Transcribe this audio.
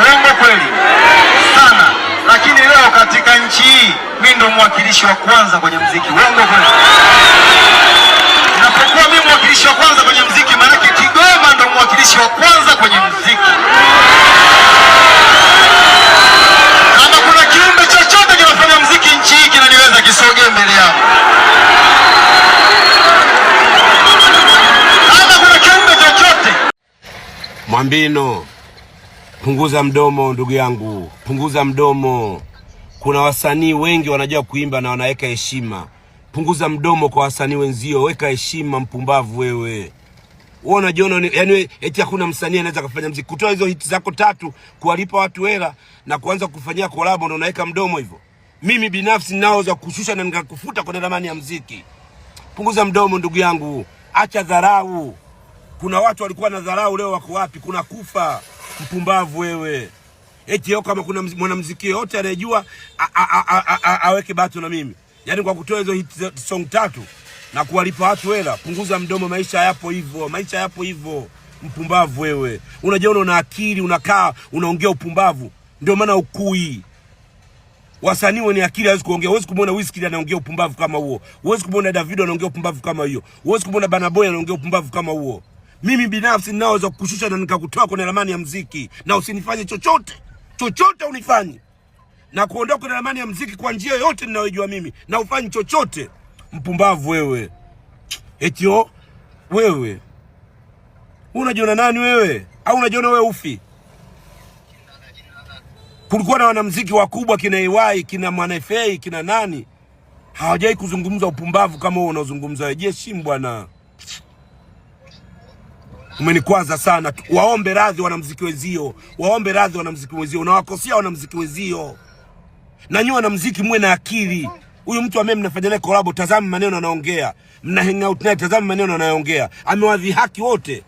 uongo kweli sana, lakini leo katika nchi hii mimi ndo mwakilishi wa kwanza kwenye mziki. Uongo kweli? Napokuwa mimi mwakilishi wa kwanza kwenye mziki, maanake Kigoma ndo mwakilishi wa kwanza kwenye mziki. Kama kuna kiumbe chochote kinafanya mziki nchi hii kinaniweza, kisogee mbele yangu. Kama kuna kiumbe chochote Mwambino Punguza mdomo ndugu yangu, punguza mdomo. Kuna wasanii wengi wanajua kuimba na wanaweka heshima. Punguza mdomo kwa wasanii wenzio, weka heshima. Mpumbavu wewe! Wewe unajiona yani, eti hakuna msanii anaweza kufanya mziki, kutoa hizo hit zako tatu, kuwalipa watu hela na kuanza kufanyia collab, ndio unaweka mdomo hivyo. Mimi binafsi ninaweza kushusha na nikakufuta kwenye ramani ya mziki. Punguza mdomo ndugu yangu, acha dharau. Kuna watu walikuwa na dharau, leo wako wapi? Kuna kufa Mpumbavu wewe! Eti yao kama kuna mwanamuziki yote anayejua aweke bato na mimi, yaani kwa kutoa hizo hit song tatu na kuwalipa watu hela. Punguza mdomo, maisha yapo hivyo, maisha yapo hivyo. Mpumbavu wewe, unajiona una akili, unakaa unaongea upumbavu. Ndio maana ukui wasanii wenye akili hawezi kuongea. Huwezi kumwona Wizkid anaongea upumbavu kama huo, huwezi kumwona Davido anaongea upumbavu kama hiyo, huwezi kumwona Banaboy anaongea upumbavu kama huo mimi binafsi ninaweza kukushusha na nikakutoa kwenye ramani ya mziki, na usinifanye chochote chochote unifanye na kuondoka kwenye ramani ya mziki kwa njia yote ninayojua mimi, na ufanye chochote. Mpumbavu wewe, etio wewe, unajiona nani wewe? Au unajiona wewe ufi? Kulikuwa na wanamziki wakubwa kina Iwai kina Mwanafei kina nani, hawajawahi kuzungumza upumbavu kama huo unaozungumza wewe. Jiheshimu bwana umenikwaza sana. Waombe radhi wanamziki wenzio, waombe radhi wanamziki wenzio, unawakosea wanamziki wenzio. Na nyinyi wanamziki mwe na akili. Huyu mtu ambaye mnafanya naye collab, tazama maneno anaongea, mna hang out naye, tazama maneno anayoongea, haki wote.